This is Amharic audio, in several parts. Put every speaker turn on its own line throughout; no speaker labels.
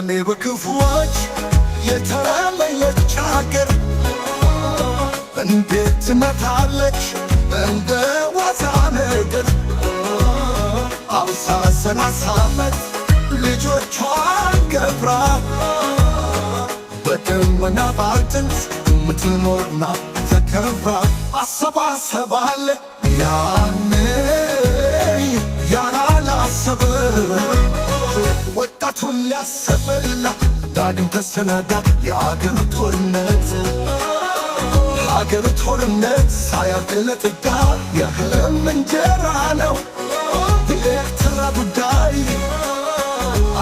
ያኔ በክፉዎች የተለየች አገር እንዴት ትመታለች እንደ ዋዛ ነገር አምሳ ሰላሳ ዓመት ልጆቿን ገብራ በደመና ባርድንት የምትኖርና ተከብራ አሰባሰባለ ያንን ሊያሰመላ ዳግም ተሰናዳ የአገሪቱ ጦርነት አገሩ ጦርነት ሳያርቅ ለጥጋብ እንጀራ ነው የኤርትራ ጉዳይ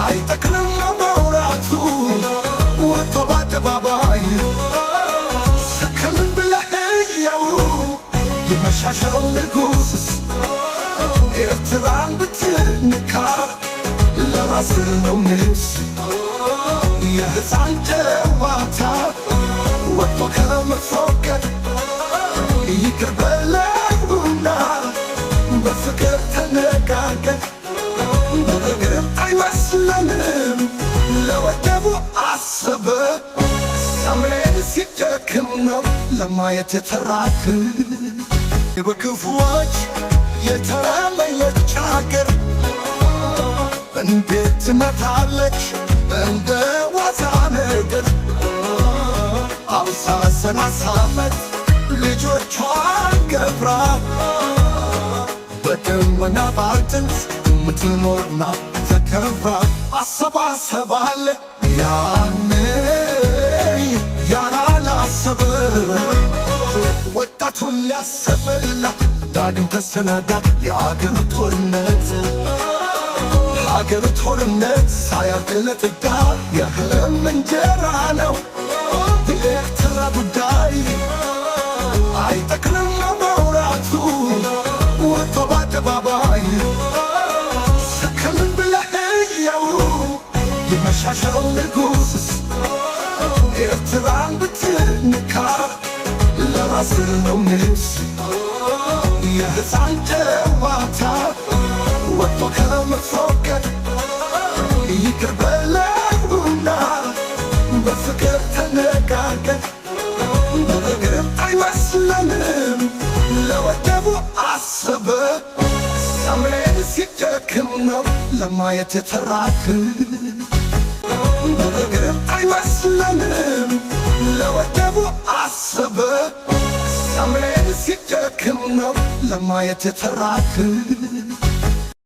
አይጠቅልም ለመውራቱ ወጥቶ በአደባባይ ስክምን ብለህ እየው የመሻሻል ንጉስ ኤርትራን ብትንካ የራስ ነው ንስ የሕፃን ጨዋታ ወጥቶ ከመፎገር ይቅር በለውና በፍቅር ተነጋገር። በእግር አይመስለንም ለወደቡ አሰበ ሰምሬ ሲደክም ነው ለማየት የተራክ በክፉዎች የተለየች አገር እንዴት ትመታለች እንደ ዋዛ ነገር አምሳ ሰላሳ ዓመት ልጆቿን ገብራ በደመና ባልትንት የምትኖርና ተከብራ አሰባሰባለ ያን ያላላሰብ ወጣቱን ሊያሰበላ ዳግም ተሰናዳ የአገር ጦርነት ሀገር ጦርነት ሳያገለ ጥጋ የህልም እንጀራ ነው የኤርትራ ጉዳይ አይጠቅልም መውራቱ ወጥቶ በአደባባይ ስክምን ብለህ እየው የመሻሻል ንጉስ ኤርትራን ብትንካ ለራስ ነው ንስ የህፃን ጨዋታ ወጥቶ ከመጥፎ ሰምሬ ሲደክም ነው ለማየት የተራክ በእግር አይመስለንም ለወደቡ አሰበ ሰምሬ ሲደክም ነው ለማየት የተራክ